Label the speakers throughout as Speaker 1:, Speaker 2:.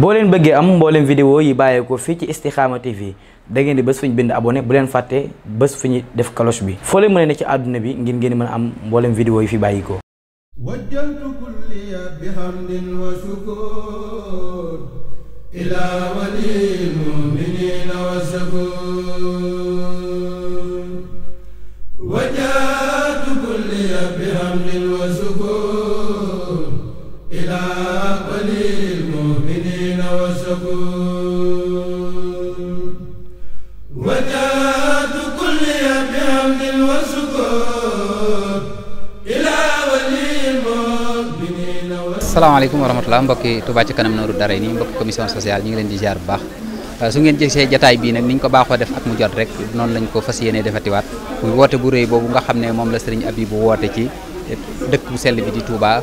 Speaker 1: boo leen bëggee am mbooleem vidéo yi bàyyeekoo fii ci Istikhama TV da ngeen di bés fu bind abonné bu leen fàtte bés fu def cloche bi foo leen mën ci àdduna bi ngir ngeen mën a am mbooleem vidéo yi fi bàyyikoo wajjantu
Speaker 2: salaamaaleykum wa rahmatulah mbokki Touba ci kanam nooru dara yi nii mbokki commission sociale ñu ngi leen di bu baax euh, su ngeen gisee jataay bii nag ni ñu ko baaxoo def ak mu jot rek noonu lañ ko fas yéene defatiwaat muy woote bu rëy boobu nga xam ne moom la sëriñ Abibu woote ci dëkk bu sell bi di Touba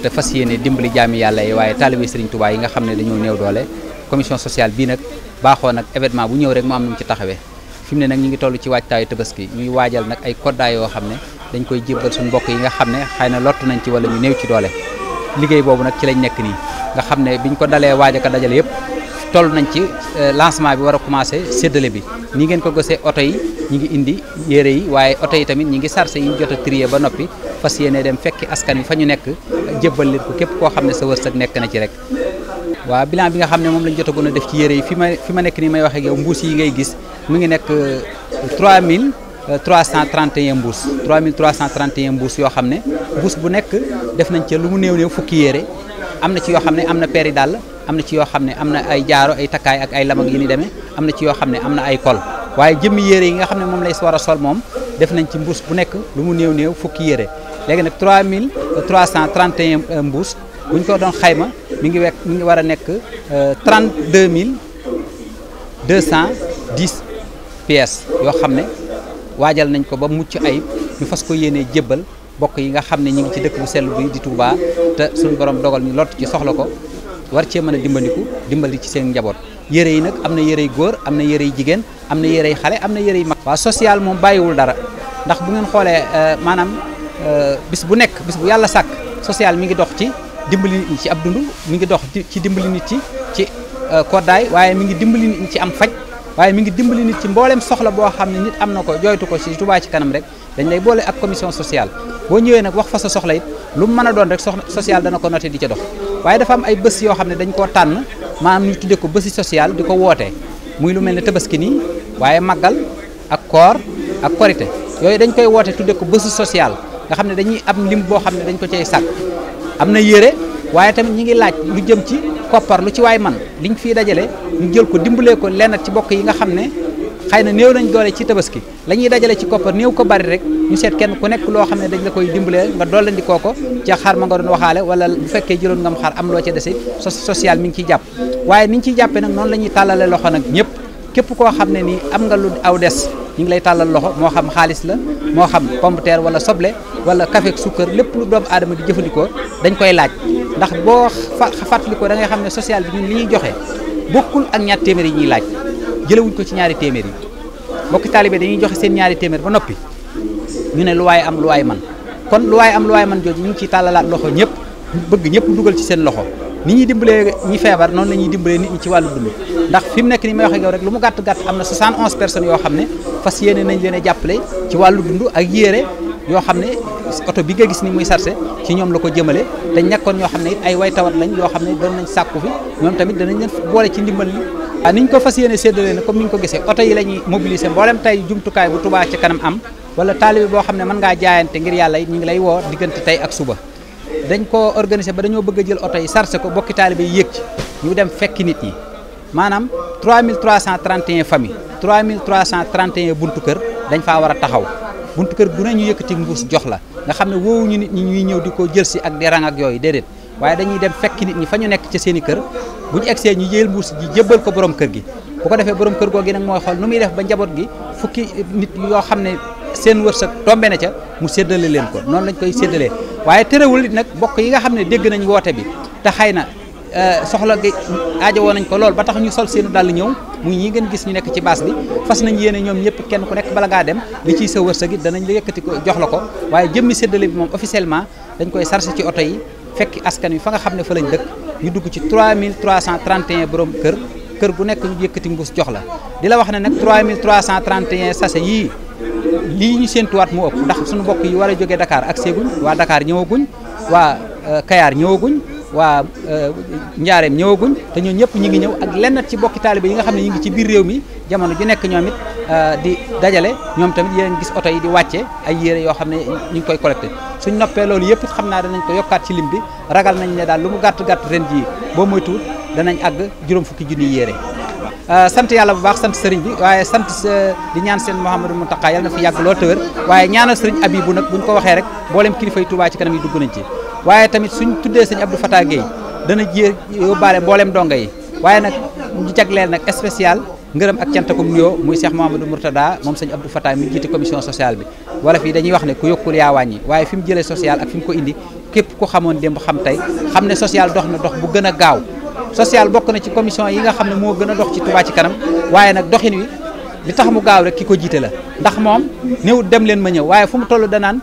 Speaker 2: te fas yéene dimbali jaami yàlla yi waaye taalibe sëriñ Touba yi nga xam ne dañoo néew doole commission sociale bii nag baaxoo nag événement bu ñëw rek mu am nu mu ci taxawee fi mu ne nag ñu ngi toll ci waajtaayu tabaski ñuy waajal nag ay koddaay yoo xam ne dañ koy jébbal suñu mbokk yi nga xam ne xëy na lott nañ ci wala ñu ci doole liggéey boobu nag ci lañ nekk nii nga xam ne biñ ko dalee waaja ko dajale yëpp toll nañ ci euh, lancement bi war a commencé séddale bi ni ngeen ko gësee oto yi ñi ngi indi yére yi waaye oto yi tamit ñi ngi sarse yi ñu jot a trier ba noppi fas yéene dem fekki askan wi fa ñu nekk jébbal leen ko képp koo xam ne sa wërsëg nekk na ci rek waaw bilan bi nga xam ne moom lañ jotagoon a def ci yére yi fi ma fi ma nekk nii may wax ak yow yi ngay gis mu ngi nekk 3000 euh, 331 euh, mbuus 3331 mbuus yoo xam ne mbuus bu nekk def nañ ca lu mu néew néew fukki yére am na ci yoo xam ne am na peeri dàll am na ci yoo xam ne am na ay jaaro ay takkaay ak ay lam ak yi ni demee am na ci yoo xam ne am na ay kol waaye jëmmi yére yi nga xam ne moom lay war a sol moom def nañ ci mbuus bu nekk lu mu néew néew fukki yére léegi nag 3331 euh, mbuus bu ñu ko doon xayma mi ngi wekk mi ngi war a nekk 32210 euh, pièces yoo xam ne waajal nañ ko ba mucc ayib ñu fas ko yéenee jébbal bokk yi nga xam ne ñi ngi ci dëkk bu sell bi di Touba te suñu borom dogal ñu lott ci soxla ko war cee mën a dimbandiku dimbali ci seen njaboot yére yi nag am na yére yu góor am na yére yu jigéen am na yére yu xale am na yére yu mag waa social moom bàyyiwul dara ndax bu ngeen xoolee euh, maanaam euh, bis bu nekk bis bu yàlla sàkk social mi ngi dox ci dimbali nit ñi ci ab dund mi ngi dox ci dimbali nit ci ci euh, koddaay waaye mi ngi dimbali nit ñi ci am faj waaye mi ngi dimbali nit ci mbooleem soxla boo xam ne nit am na ko jooytu ko ci Touba ci kanam rek dañ lay boole ak commission sociale boo ñëwee nag wax fa sa soxla it lu mën a doon rek soxla sociale dana ko noté di ca dox waaye dafa am ay bës yoo xam ne dañ koo tànn maanaam ñu tuddee ko bési sociale di ko wootee muy lu mel ne ki nii waaye màggal ak koor ak korite yooyu dañ koy woote tuddee ko bési sociale nga xam ne dañuy am lim boo xam ne dañ ko cay sàkk am na yére waaye tamit ñi ngi laaj lu jëm ci koppar lu ci waay man liñ fii dajale ñu jël ko dimbalee ko lenn ci bokk yi nga xam ne xëy na néew nañ doole ci tabaski la ñuy dajale ci koppar néew ko bari rek ñu seet kenn ku nekk loo xam ne dañ la koy dimbalee nga dollandikoo ko ca xar ma nga doon waxaale wala bu fekkee jëloon ngam xar am loo ca dese social mi ngi ciy jàpp waaye niñ ciy jàppee nag noonu la ñuy tàllale loxo nag ñëpp képp koo xam ne nii am nga lu aw des ñu ngi lay tàllal loxo moo xam xaalis la moo xam pomme de wala soble wala café ak sukkar lépp lu doomu aadama di jëfandikoo dañ koy laaj ndax boo fàttalikoo da ngay xam ne social bi ñun li ñuy joxe bokkul ak ñaar téeméer yi ñuy laaj jëlewuñ ko ci ñaari téeméer yi mbokki taalibe dañuy joxe seen ñaari téeméer ba noppi ñu ne lu waaye am lu waaye man kon lu waaye am lu waaye man jooju ñu ngi ciy tàllalaat loxo ñëpp bëgg ñëpp dugal ci seen loxo ni ñuy dimbalee ñi feebar noonu la ñuy dimbalee nit ñi ci wàllu dund ndax fi mu nekk ni may waxee yow rek lu mu gàtt gàtt am na 71 personnes yoo xam ne fas yéene nañ leen a jàppale ci wàllu dund ak yére yoo xam ne oto bi nga gis ni muy sarse ci ñoom la ko jëmale te nekkoon ñoo xam ne it ay way tawat lañ yoo xam ne doon nañ sàkku fi ñoom tamit danañ leen boole ci ndimbal li waaw ah, ni ñu ko fas yéene séddale ne comme ni ñu ko gisee oto yi la ñuy mobiliser tey jumtukaay bu kanam am wala taalibi boo xam ne mën ngaa jaayante ngir yàlla ñi ngi lay woo diggante tey ak suba dañ koo organiser ba dañoo bëgg a jël oto yi sarse ko bokki taalibe yi yëg ci ñu dem fekki nit ñi maanaam 3331 famille 3331 buntu kër dañ faa war a taxaw buntu kër bu ne ñu yëkkati mbuus jox la nga xam ne woowuñu nit ñi ñuy ñëw di ko jël si ak di rang ak yooyu déedéet waaye dañuy dem fekki nit ñi fa ñu nekk ci seen i kër bu ñu egsee ñu jël mbuus ji jébbal ko borom kër gi bu ko defee borom kër googu nag mooy xool nu muy def ba njaboot gi fukki nit yoo xam ne seen wërsëg tombe na ca mu séddale leen ko noonu lañ koy séddalee waaye terewul it nag bokk yi nga xam ne dégg nañ woote bi te xëy na euh, soxla gi aajowoo nañ ko lool ba tax ñu sol seenu dàll ñëw muy ñi ngeen gis ñu nekk ci baas bi fas nañ yéene ñoom ñëpp kenn ku nekk bala ngaa dem li ciy sa wërsëg it danañ la yëkkati ko jox la ko waaye jëmmi séddale bi moom officiellement dañ koy sarse ci oto yi fekk askan wi fa nga xam ne fa lañ dëkk ñu dugg ci 3331 borom kër kër gu nekk ñu yëkkati mbuus jox la di la wax ne nag 3331 sase yii lii ñu séentuwaat mu ëpp ndax suñu mbokk yi war a jógee dakaar ak seeguñ waa dakaar ñëwaguñ waa euh, Kayaar ñëwaguñ waa euh, Njaareem ñëwaguñ te ñoom ñëpp ñu ngi ñëw ak lenn ci bokki taalibe yi nga xam ne ñu ngi ci biir réew mi jamono ju nekk ñoom it euh, di dajale ñoom tamit yéen gis oto yi di wàcce ay yére yoo xam ne ñu ngi koy collecté suñ noppee loolu yëpp xam naa danañ ko yokkaat ci lim bi ragal nañ ne daal lu mu gàtt gàtt ren jii boo moytuwul danañ àgg juróom fukki yére Euh, sant yàlla bu baax sant sëriñ bi waaye sant euh, di ñaan seen Mouhamadou Mountakha yàlla na fi yàgg lool tëwër waaye ñaanal sëriñ bu nag buñ ko waxee rek mboolem kilifa yi Touba ci kanam yi dugg nañ ci waaye tamit suñ tuddee sëñ Abdou Fatah Gueye dana jiyee yóbbaale mboolem donga yi waaye nag ñu jagleel nag spécial ngërëm ak cant ko mu yoo muy Cheikh Mouhamadou Mourtada moom sëñ Abdou Fatah mi jiite commission sociale bi wala fii dañuy wax ne ku yokkul yaa wàññi waaye fi mu jëlee social ak fi mu ko indi képp ku xamoon démb xam tey xam ne social dox na dox bu gën a gaaw social bokk na ci commission yi nga xam ne moo gën a dox ci Touba ci kanam waaye nag doxin wi li tax mu gaaw rek ki ko jiite la ndax moom néewut dem leen ma ñëw waaye fu mu toll danaan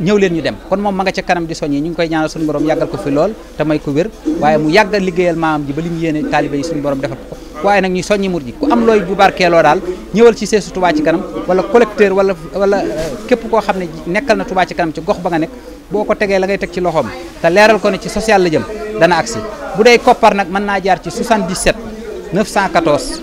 Speaker 2: ñëw leen ñu dem kon moom ma nga ca kanam di soññi ñu ngi koy ñaanal suñu borom yàggal ko fi lool te may ko wér waaye mu yàggal liggéeyal maam ji ba li mu yéene taalibe yi suñu borom defal ko waaye nag ñu soññi mur ji ku am looy bu barkeeloo daal ñëwal ci seesu Touba ci kanam wala collecteur wala wala euh, képp koo xam ne nekkal na Touba ci kanam ci gox ba nga nekk boo ko tegee la ngay teg ci loxoom te leeral ko ne ci social la jëm dana agsi bu dee koppar nag mën naa jaar ci 77 914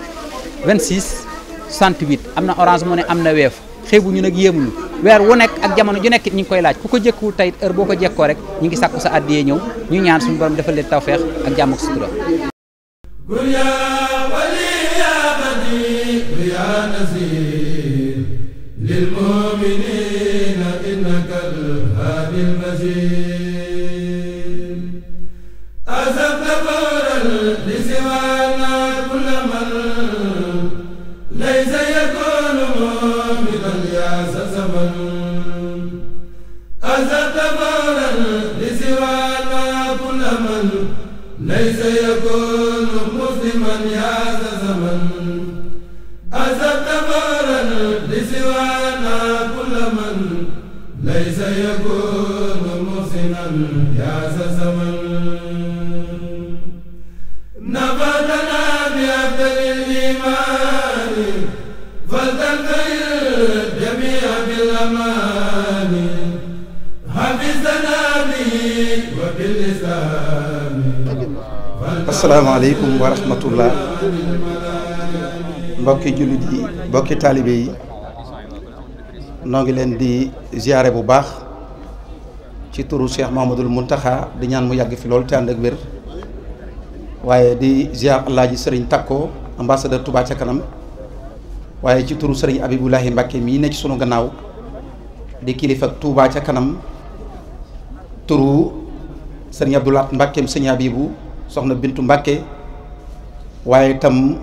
Speaker 2: 26 68 am na orange mu ne am na weef xeebu ñu nag yéemulu weer wu nekk ak jamono ju nekk ñu ngi koy laaj ku ko jëkkuwul tey heure boo ko jekkoo rek ñu ngi sàkku sa àddiyee ñëw ñu ñaan suñu borom defal leen tawfeex ak jàmm ak sutura
Speaker 3: asalaamaaleykum wa rahmatullah mbokki jullit yi mbokki taalibe yi noo ngi leen di ziare bu baax ci turu Cheikh Mahmadul Muntaxa di ñaan mu yàgg fi loolu te and ak wér waaye di ziar Alaaji Sëriñ Takko ambassadeur Touba ca kanam waaye ci turu Sëriñ Abibulahi Mbàkke mii ne ci sunu gannaaw di kilifa tuubaa ca kanam turu sëriñ Abdoulaat Mbàkkeem sëñ bu soxna Bintu Mbàkke waaye itam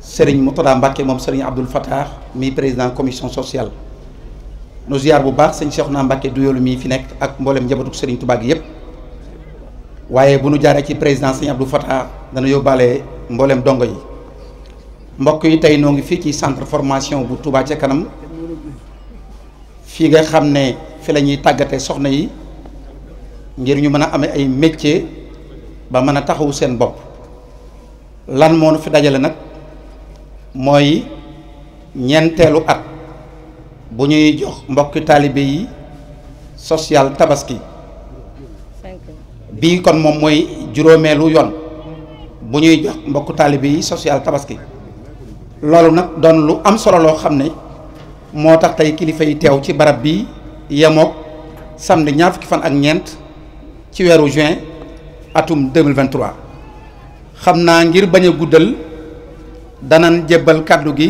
Speaker 3: sëriñ Murtada Mbàkke moom sëriñ Abdoul Fattah mi président commission sociale nu bu baax sëñ Seexuna Mbàkke du yoolu mii fi nekk ak mboolem njabootu sëriñ Tuubaa gi yëpp waaye bu nu jaaree ci président sëñ Abdoul Fattah dana yóbbaale mbooleem dongo yi mbokk yi tey noo ngi fii ci centre formation bu Touba ca kanam fii nga xam ne fi la ñuy tàggatee soxna yi ngir ñu mën a amee ay métier ba mën a taxawu seen bopp lan moo fi dajale nag mooy ñeenteelu at bu ñuy jox mbokki taalibe yi social tabaski bii kon moom mooy juróomeelu yoon bu ñuy jox mbokk taalibe yi social tabaski loolu nag doon lu am solo loo xam ne moo tax tey kilifa yi teew ci barab bi yemoog samedi ñaar fukki fan ak ñeent ci weeru juin atum 2023 xam naa ngir bañ a guddal danan jébbal kàddu gi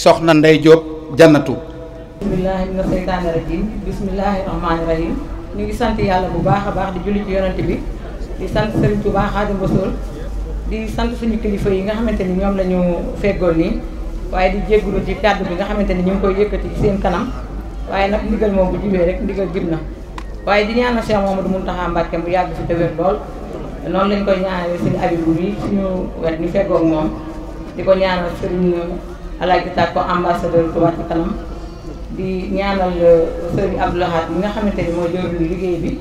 Speaker 3: soxna Ndey Diop jannatu
Speaker 1: bismillahi mina seytaani rajim bismillahi rahmaani rahim ñu ngi sant yàlla bu baax a baax di julli ci yonante bi di sant Serigne Touba Xaadim Rasuul di sant suñu kilifa yi nga xamante ni ñoom la ñu feggoon nii waaye di jéggulu ci kàddu bi nga xamante ni ñu ngi koy yëkkati seen kanam waaye nag ndigal moom bu jibee rek ndigal jib na waaye di ñaanal Cheikh Mamadou Mountakha Mbacké mu yàgg fi te wér lool noonu lañ koy ñaanale si Abibu bi suñu wet ñu feggoog moom di ko ñaanal sëriñ Alaaji Tàkko ambassadeur Touba Ca Kanam di ñaanal euh, nga xamante ni mooy jëriñu liggéey bi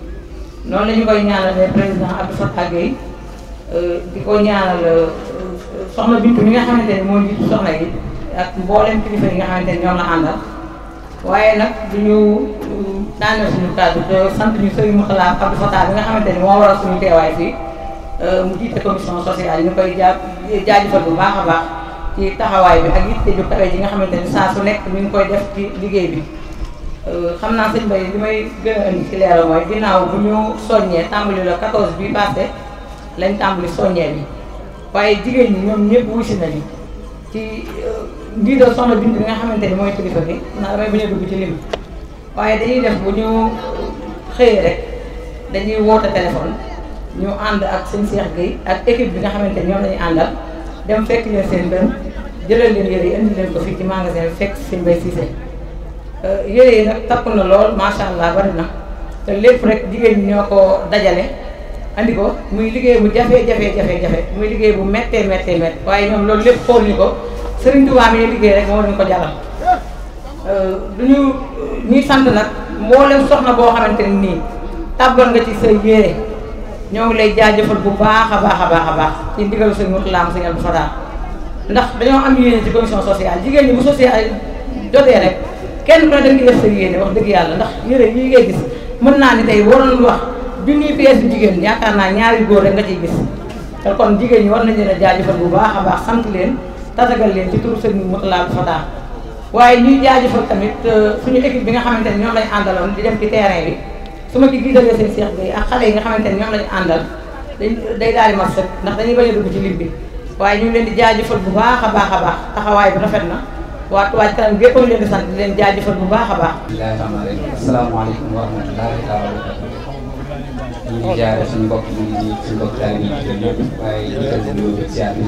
Speaker 1: noonu la koy ñaanale président Abdou Fatah Gueye euh, di ko ñaanal euh, soxna Bintu mi nga xamante ni moo njiitu soxna yi ak mboolem kilifa yi nga xamante ni ñoom la àndal waaye nag duñu euh, daaneel suñu kàddu te sant ñu sëriñ Moukhala Abdou Fatah bi nga xamante ni moo war waral suñu teewaay fii euh, mu jiite commission sociale yi ñu koy jaar jaa jaajëfal bu baax a baax ci taxawaay bi ak yitte ju kawe ji nga xamante ni saa su nekk mi ngi koy def ci liggéey bi euh, xam naa sëñ Baye li may gën a indi ci leeral mooy ginnaaw bu ñu soññee tàmbali la 14 bi passé lañ tàmbali soññee bi waaye jigéen ñi ñoom ñëpp wusi nañu ci diidoo euh, soxna bind bi nga xamante ni mooy kilifa bi na damay bañ a ci lim waaye dañuy def bu ñu xëyee rek dañuy woote téléphone ñu ànd ak seen Cheikh Gueye ak équipe bi nga xamante ni ñoom lañu àndal dem fekk leen seen benn jëlal leen yére yi indi leen ko fii ci magasin bi fekk seen bay siise euh, yére yi nag takku na lool macha allah bari na te lépp rek jigéen ñi ñoo ko dajale andi ko muy liggéey bu jafe jafe jafe jafe muy liggéey bu méttee méttee méttee waaye ñoom loolu lépp xool ñu ko Serigne Touba mi liggéey rek moo ñu ko jàllal euh, du ñu ñuy sant nag mboolem soxna boo xamante ni nii tàbbal nga ci sa yére ñoo ngi lay jaajëfal bu baax a baax a baax a baax ci ndigalu sëñ Mourtala am sëñ Abdou Fatah ndax dañoo am yéene ci commission sociale jigéen ñi bu sociale jotee rek kenn ku ne da nga def sa yéene wax dëgg yàlla ndax yére yi ngay gis mën naa ni tey waroon wax. bi junniy pièces bi jigéen yaakaar naa ñaari góor rek nga ciy gis te kon jigéen ñi war nañ leen a jaajëfal bu baax a baax sant leen tasagal leen ci turu sëñ bi Moutalla Fata waaye ñuy jaajëfal tamit euh, suñu équipe bi nga xamante ne ñoom lañ àndaloon di dem ci terrain bi su ma ci jiitalee seen Cheikh Gueye xale yi nga xamante ne ñoom lañ àndal dañ day daal di mat sëkk ndax dañuy bañ a dugg ci lim bi waaye ñu leen di jaajëfal bu baax a baax a baax taxawaay bi rafet na waa Touba Ca Kanam gépp ñu leen di sant di leen jaajëfal bu baax a baax.
Speaker 2: asalaamaaleykum wa rahmatullaahi taala ñu ngi jaare suñu mbokk ñu ngi nii suñu mbokk daal di ñëw waaye ñu tënk ñëw di ziar bi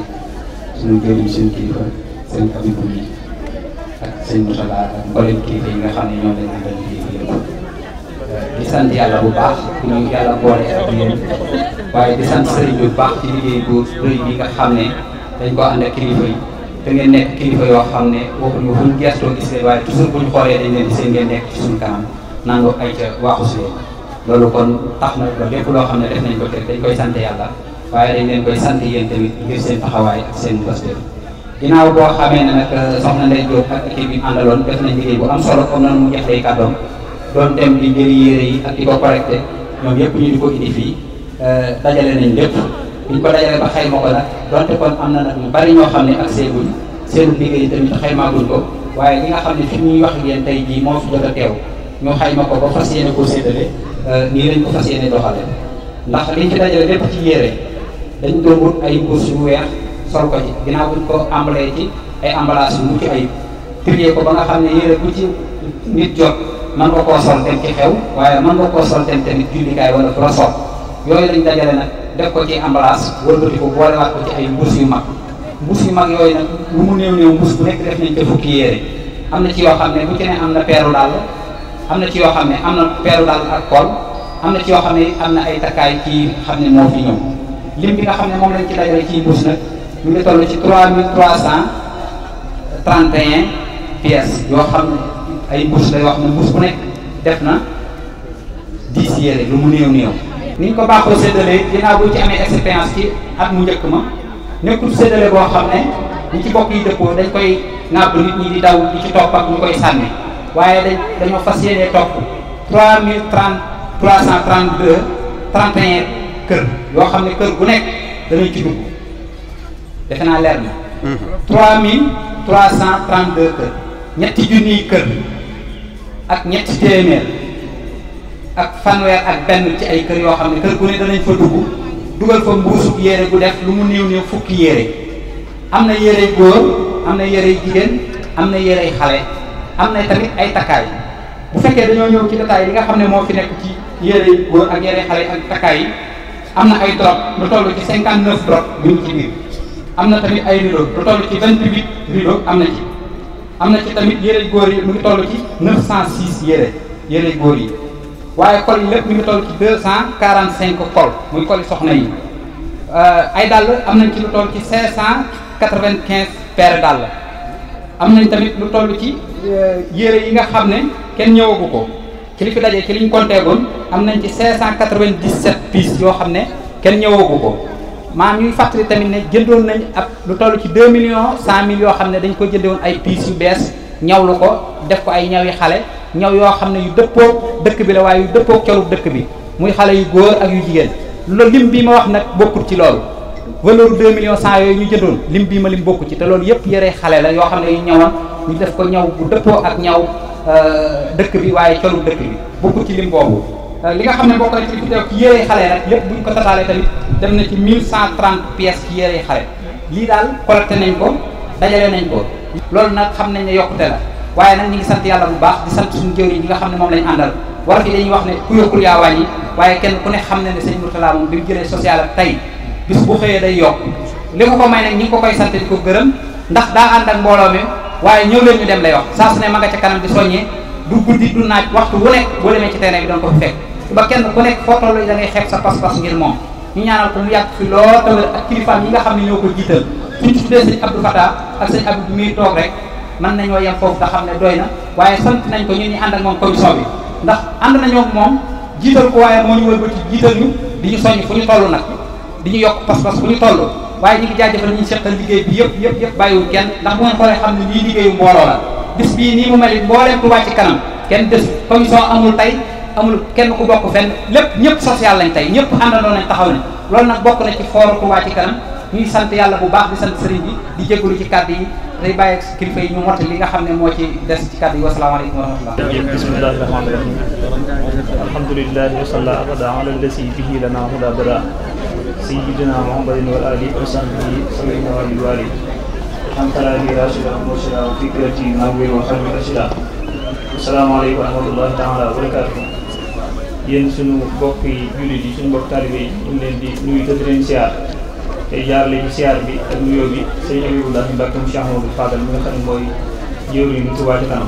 Speaker 2: suñu jëriñ suñu kilifa seen Habibou bi ak seen Mousala ak mboolem kilifa yi nga xam ne ñoom lañ àndal liggéey yëpp. di sant yàlla bu baax ku ñu yàlla boole ak yéen waaye di sant sëriñ bu baax ci liggéey bu rëy bi nga xam ne dañ ko ànd ak kilifa yi te ngeen nekk kilifa yoo xam ne waxuñu fuñ gëstoo gis leen waaye toujours buñ xoolee dañ leen di seen ngeen nekk ci suñu kanam nangoo ay ca waaxu si leen loolu kon tax na ba lépp loo xam ne def nañ ko te dañ koy sant yàlla waaye dañ leen koy sant yéen tamit ngir seen taxawaay ak seen pasteur ginnaaw boo xam ne nag euh, soxna Ndeye Diop ak équipe bi àndaloon def nañ liggéey bu am solo comme nan mu jox ak di ko correcté ñoom yëpp ñu di ko indi fii euh, dajale nañ lépp biñ ko dajale ko am na nag ñu bari ñoo xam ne ak seeguñ seenu liggéey tamit xaymaaguñ ko waaye li nga xam ne fi ñuy wax yéen tey jii moo fi jot a teew ñu xayma ko ba fas yéene koo séddale Euh, nii lañ ko fas yéene doxale ndax liñ ci dajale lépp ci yére dañ doon wut ay mbuus yu weex sol ko ci ginnaaw buñ ko embalee ci ay emballage yu mucc ayib ko ba nga xam yére bu ci nit jot mën nga koo sol xew waaye mën nga koo sol dem tamit jullikaay wala fu la sol yooyu lañ dajale nag def ko ci emballage wëlbati ko ko ci ay mbuus yu mag mbuus yu mag yooyu nag lu mu néew néew mbuus bu nekk def nañ ca fukki yére am na ci yoo xam ne bu ci ne am na peeru dàll am na ci yoo xam ne am na peeru daal ak kool am na ci yoo xam ne am na ay takkaay ci xam ne moo fi ñëw lim bi nga xam ne moom lañ ci dajale ci mbuus nag ñu ngi toll ci trois mille trois cent trente et un pièces yoo xam ne ay mbuus la yoo xam ne mbuus bu nekk def na dix yére lu mu néew néew. ni ñu ko baaxoo séddalee ginnaaw bu ci amee expérience ci at mu njëkk ma nekkul séddale boo xam ne ñi ci bokk yi dëppoo dañ koy nàbb nit ñi di daw di ci topp ak ñu sànni. waaye dañ dañoo fas yéene topp trois mille trente trois cent trente deux trente et kër yoo xam ne kër gu nekk danañ ci dugg defe naa leer na. Mhm. trois mille trois cent trente deux kër ñetti junniy kër ak ñetti téeméer ak fanweer ak benn ci ay kër yoo xam ne kër gu ne danañ fa dugg dugal fa mbuusub yére gu def lu mu néew néew fukki yére am na yérey góor am na yérey jigéen am na yérey xale. am na tamit ay takkaay bu fekkee dañoo ñëw ci détail yi nga xam ne moo fi nekk ci yére yi góor ak yére xale ak takkaay yi am na ay drop lu toll ci cinquante neuf drop ñu ngi ci am na tamit ay rideau lu toll ci vingt huit rideau am na ci am na ci tamit yére góor yi mu ngi toll ci neuf cent six yére yére góor yi waaye col yi lépp mu ngi toll ci deux cent quarante cinq col muy col yi soxna yi euh, ay dàll am nañ ci lu toll ci cinq cent quatre vingt quinze paires dàll am nañ tamit lu toll ci Euh, yére yi nga xam ne kenn ñëwagu ko ci li fi daje ci liñ konteegoon am nañ ci 597 pièces yoo xam ne kenn ñëwagu ko maam ñuy fàttali tamit ne jëndoon nañ ab lu toll ci 2 million 100 mille yoo xam ne dañ ko jëndewoon ay pièces yu bees lu ko def ko ay ñawi xale ñaw yoo xam ne yu dëppoog dëkk bi la waaye yu dëppoog colub dëkk bi muy xale yu góor ak yu jigéen loolu lim bi ma wax nag bokkut ci loolu valeur 2 million 100 yooyu ñu jëndoon lim bii ma lim bokku ci te loolu yëpp yëre xale la yoo xam ne yu ñawoon ñu def ko ñaw bu dëppoo ak ñaw euh, dëkk bi waaye colu dëkk bi bokku ci lim boobu euh, li nga xam ne bokk na ci def ci yëre xale nag lépp ko tataalee tamit dem na ci 1130 pièces ci yëre xale lii daal collecté nañ ko dajale nañ ko loolu nag xam nañ ne yokkute la waaye nag ñu ngi sant yàlla bu baax di sant suñu jëwriñ ñi nga xam ne moom lañu àndal war fi dañuy wax ne ku yokkul yaa wàññi waaye kenn ku ne xam ne ne sëñ Mourtala moom social tey bis bu xëyee day yokk li ko ko may nag ñi ngi koy sant di ko gërëm ndax daa ànd ak mbooloo mi waaye ñëw leen ñu dem lay wax saa su ne ma nga ca kanam di soññee du guddi du naaj waxtu wu nekk boo demee ci terrain bi doon ko fi fekk ba kenn ku nekk foo toll da ngay sa pas-pas ngir moom ñu ñaanal ko mu yàgg fi lool tamit ak kilifaam yi nga xam ne ñoo ko jiital suñ ci tuddee sëñ Abdou Fata ak sëñ Abdou bi muy toog rek mën nañoo yem foofu nga xam ne doy na waaye sant nañ ko ñun ñi ànd ak moom commission bi ndax ànd nañoo ko waaye moo ñu di ñu yokk pas-pas bu ñu toll waaye ñu ngi jaajëfal ñu seqal liggéey bi yëpp yëpp yëpp bàyyiwul kenn ndax bu ngeen xoolee xam ne lii liggéeyu mbooloo la bis bii nii mu mel it mbooleem Touba ci kanam kenn des commission amul tey amul kenn ku bokk fenn lépp ñëpp social lañ tey ñëpp àndandoo nañ taxaw ne loolu nag bokk na ci fooru Touba ci kanam ñuy sant yàlla bu baax di sant sëriñ bi di jégalu ci kàddu yi day bàyyi ak kilifa yi ñu mottali li nga xam ne moo ci des
Speaker 4: ci kàddu yi wasalaamaaleykum wa rahmatulah. bismillahi rahmaani rahim alhamdulilahi wa salla abada ala lasi bihi lana huda bada sayyidina muhammadin wa ali wa sahbihi sayyidina wa ali wa ali antala bi rasida mursida wa fikrati nawir wa qalbi rasida asalaamaaleykum wa rahmatullahi taala wa barakatuh yéen suñu bokk yi jullit yi suñu bokk taalibe yi ñu leen di nuyu te di leen siyaar te jaarale ci siyaar bi ak nuyoo bi sëñ Abibullah Mbàkke mu Cheikh Mamadou Fadal mi nga xam ne mooy jëwriñ ñu Tuubaa ci kanam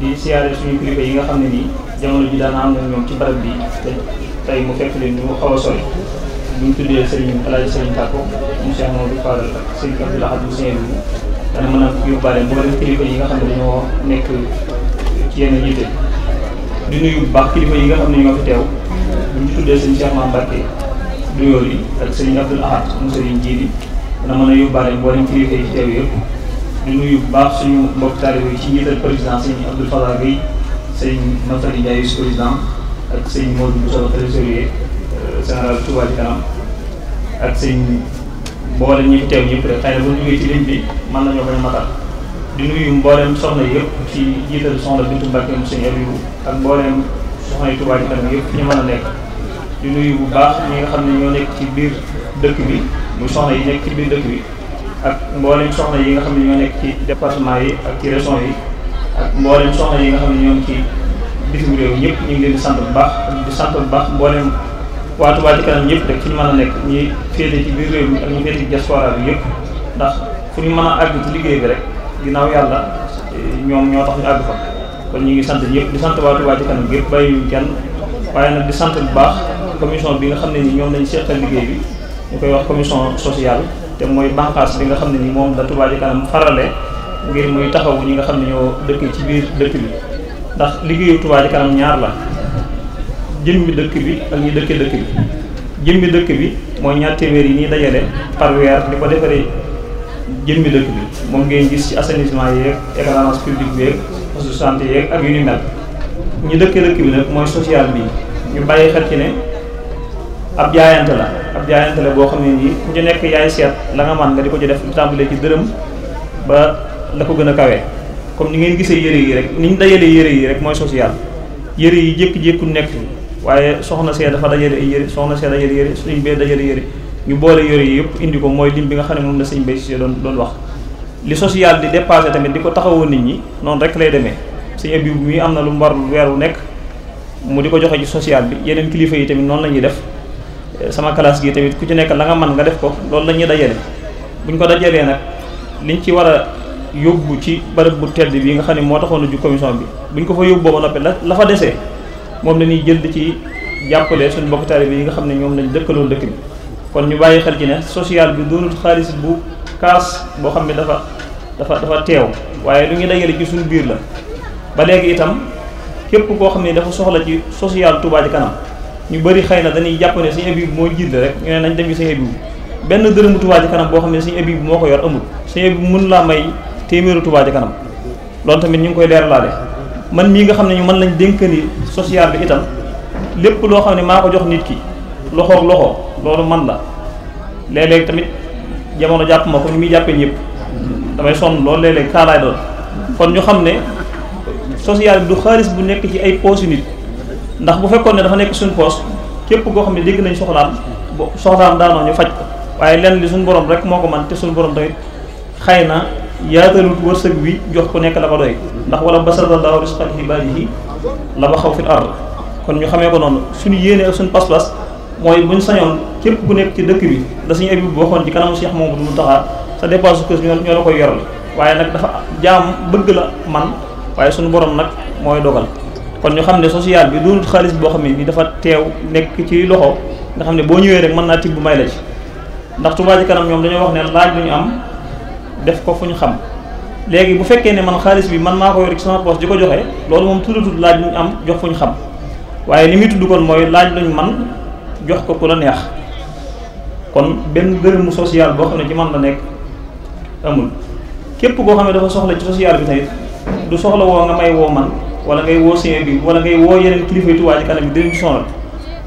Speaker 4: di siyaare yi nga xam ne nii jamono ji daan am ci barab bi te tey mu fekk leen ñu a sori bu ñu tuddee sëriñ Alaaji sëriñ Tàkko mu Cheikh Mamadou Fadal ak sëriñ Abdoul Ahad bu sëriñ bi dana mën a yóbbaale mboolem kilifa yi nga xam ne dañoo nekk ci yenn yitte baax kilifa yi nga xam ne ñoo fi teew bu ñu tuddee sëriñ Cheikh Mame Mbàkke nuyoo yi ak sëriñ Abdul Ahad mu sëriñ jiiri dana mën a yóbbaale mboolem kilifa yi teew yëpp di nuyu bu baax suñu mbokk taalibe yi ci njiital président sëriñ Abdul Fatah Gueye sëriñ Naftali Ndiaye vice président ak sëriñ Modou Bousso trésorier euh, général Touba Di Kanam ak sëriñ mboolem ñi fi teew ñëpp rek na bu ñu jógee bi lim bi mën nañoo bañ a matal di nuyu mboolem soxna yëpp ci njiital soxna Bintu Mbacke mu sëriñ Abibu ak mboolem soxna yi Touba Di Kanam yëpp ñu mën a nekk di nuyu bu baax ñu nga xam ne ñoo nekk ci biir dëkk bi muy soxna yi nekk dëkk bi ak mboolem soxna yi nga xam ne ñoo nekk ci département yi ak ci région yi ak mboolem soxna yi nga xam ne ñoom ci bitim réew ñëpp ñu ngi leen di sant bu baax di sant bu baax mboolem waa Touba Ca Kanam ñëpp rek fu mën a nekk ñi féete ci biir réew mi ak ñi féete ci diaspora yëpp ndax fu ñu mën a àgg ci liggéey bi rek ginnaaw yàlla ñoom ñoo tax ñu àgg fa kon ñu ngi sant ñëpp di sant waa Touba Ca Kanam yëpp bàyyi ñu kenn waaye nag di sant bu baax commission bi nga xam ne ni ñoom lañ seqal liggéey bi ñu koy wax commission sociale te mooy bànqaas bi nga xam ne ni moom la Touba Ca Kanam farale ngir muy taxawu ñi nga xam ne ñoo dëkk ci biir dëkk bi ndax liggéeyu Touba Ca Kanam ñaar la bi dëkk bi ak ñi dëkkee dëkk bi jëmmi dëkk bi mooy ñaar téeméer yi ñuy dajale par weer ko defaree jëmmi dëkk bi moom ngeen gis ci assainissement yeeg éclairage public beeg poste de santé yeeg ak yu ni mel ñu dëkkee dëkk bi nag mooy social bi ñu bàyyi xel ne ab jaayante la ab jaayante la boo xam ne nii ku ci nekk yaay seet la nga man nga di ko ci def lu tàmbalee ci dërëm ba la ko gën a kawee comme ni ngeen gisee yëre yi rek ni ñu dajalee yëre yi rek mooy social yëre yi jékki-jékku nekk waaye soxna see dafa dajale ay yëre soxna see dajale yëre suñ ñu boole yëre yi yëpp indi ko mooy lim bi nga xam ne moom la sëñ bay si doon wax li social di dépassé tamit di ko taxawoo nit ñi noonu rek lay demee sëñ bi mi am na lu mu war weer wu nekk mu di ko joxe ci social bi yeneen kilifa yi tamit noonu la ñuy def sama classe gi tamit ku ci nekk la nga mën nga def ko loolu la ñuy dajale buñ ko dajalee nag liñ ci war a yóbbu ci barab bu tedd bi nga xam ne moo taxoon a ju commission bi buñ ko fa yóbbu ba noppi la la fa desee moom la ñuy jël di ci jàppale suñu mbokk bi yi nga xam ne ñoom lañu dëkkaloo dëkk bi kon ñu bàyyi xel ci ne social bi doonul xaalis bu kaas boo xam ne dafa dafa dafa teew waaye lu ñu dajale ci suñu biir la ba léegi itam képp koo xam ne dafa soxla ci social Touba Ca Kanam ñu bëri xëy na dañuy jàpp ne suñu bi moo jiite rek ñu ne nañ dem ci suñu Abibu benn dërëmu Touba Ca Kanam boo xam ne suñu Abibu moo ko yor amul suñu Abibu mën laa may téeméeru Touba Ca Kanam loolu tamit ñu ngi koy leeralaale man mii nga xam ne ñu mën lañ dénkani social bi itam lépp loo xam ne maa ko jox nit ki loxoog loxo loolu man la léeg-léeg tamit jamono jàpp ma ko ñu muy jàppee ñëpp damay sonn loolu léeg kaalaay doon kon ñu xam ne social bi xaalis bu nekk ci ay poche ndax bu fekkoon ne dafa nekk suñ poos képp koo xam ne dégg nañ soxlaam bo soxlaam daanoo ñu faj ko waaye lenn li suñ borom rek moo ko man te suñu borom tamit xëy na yaatalut wërsëg wi jox ku nekk la ko doy ndax wala basalallahu risqan li ibaadihi la ba xaw fil ard kon ñu xamee ko noonu suñu yéene ak suñu mooy buñ sañoon képp ku nekk ci dëkk bi da suñu abib bu waxoon ci kanamu moom du taxaa sa dépense ko ñoo la koy yoral waaye nag dafa jaam bëgg la man waaye suñu borom nag mooy dogal kon ñu xam ne social bi doonut xaalis boo xam ne ni dafa teew nekk ci loxo nga xam ne boo ñëwee rek mën naa tibb may la ci ndax Touba Ca Kanam ñoom dañoo wax ne laaj lu ñu am def ko fu ñu xam léegi bu fekkee ne man xaalis bi man maa ko yor ci sama poche di ko joxe loolu moom tuddatul laaj lu ñu am jox fu ñu xam waaye li muy tudd kon mooy laaj luñ man jox ko ku la neex kon benn dërëmu social boo xam ne ci man la nekk amul képp koo xam ne dafa soxla ci social bi tamit du soxla woo nga woo man wala ngay woo seen bi wala ngay woo yeneen kilifa yi Touba Kanam yi di leen sonal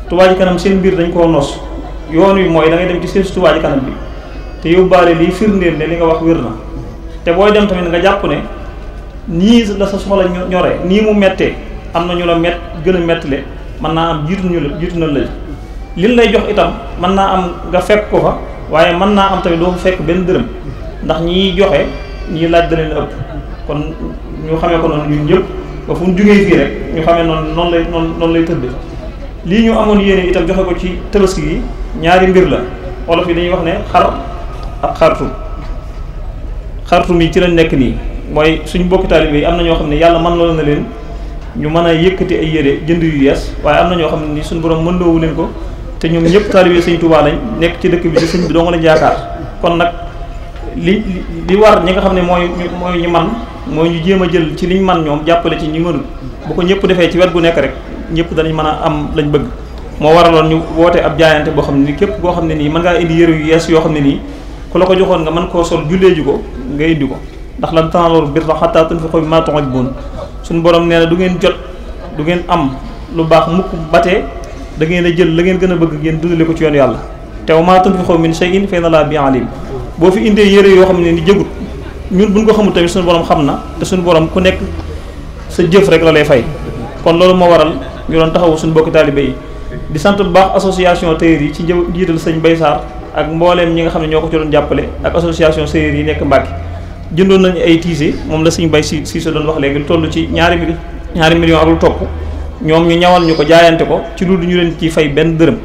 Speaker 4: Touba Ca Kanam seen mbir dañ koo nos yoon wi mooy da dem ci seen Touba Ca Kanam bi te yóbbaale liy firndeel ne li nga wax wér na te booy dem tamit nga jàpp ne nii la sa soxla ñore nii mu mettee am na ñu la mett gën a mettile mën naa am jiitu ñu jiitu na la liñ lay jox itam mën naa am nga fekk ko fa waaye mën naa am tamit doo ko fekk benn dërëm ndax ñiy joxe ñiy laaj da ëpp kon ñu xam ko noonu ñun ñëpp ba fu mu jugee fii rek ñu xamee noonu noonu lay noonu lay tëdd lii ñu amoon yéene itam joxe ko ci tabaski gi ñaari mbir la wolof yi dañuy wax ne xar ak xartum xartum yi ci lañ nekk nii mooy suñu bokki taalibe yi am na ñoo xam ne yàlla mën lool na leen ñu mën a yëkkati ay yére jënd yu yees waaye am na ñoo xam ne ni suñu borom mëndoowu leen ko te ñoom ñëpp taalibe sëñ Tuubaa lañ nekk ci dëkk bi si sëñ bi doo nga lañ yaakaar kon nag li li war ñi nga xam ne mooy mooy ñi man mooy ñu jéem a jël ci liñ man ñoom jàppale ci ñu mënul bu ko ñëpp defee ci wet gu nekk rek ñëpp danañ mën a am lañ bëgg moo waraloon ñu woote ab jaayante boo xam ne nii képp koo xam ne nii mën ngaa indi yëre yu yees yoo xam ne nii ku la ko joxoon nga mën koo sol jullee ji ko nga indi ko ndax lan tanaloolu birra xataa tunfiqu mimmaa tuhibbuun suñu borom nee na du ngeen jot du ngeen am lu baax mukk batee da ngeen a jël la ngeen gën a bëgg ngeen dundale ko ci yoon yàlla te wa maa tunfiqu min shay'in fa inna llaaha bihi aliim boo fi ñun buñ ko xamul tamit suñu borom xam na te suñu borom ku nekk sa jëf rek la lay fay kon loolu moo waral ñu doon taxawu suñu bokki taalibe yi di sant bu baax association tailleur yi ci jë jiital sëñ Bay Sarr ak mbooleem ñi nga xam ne ñoo ko ci doon jàppale ak association tailleur yi nekk Mbàkke jëndoon nañu ay tiise moom la sëñ Bay si si sa doon wax léegi lu toll ci ñaari mil ñaari million ak lu topp ñoom ñu ñawal ñu ko jaayante ko ci lu ñu leen ci fay benn dërëm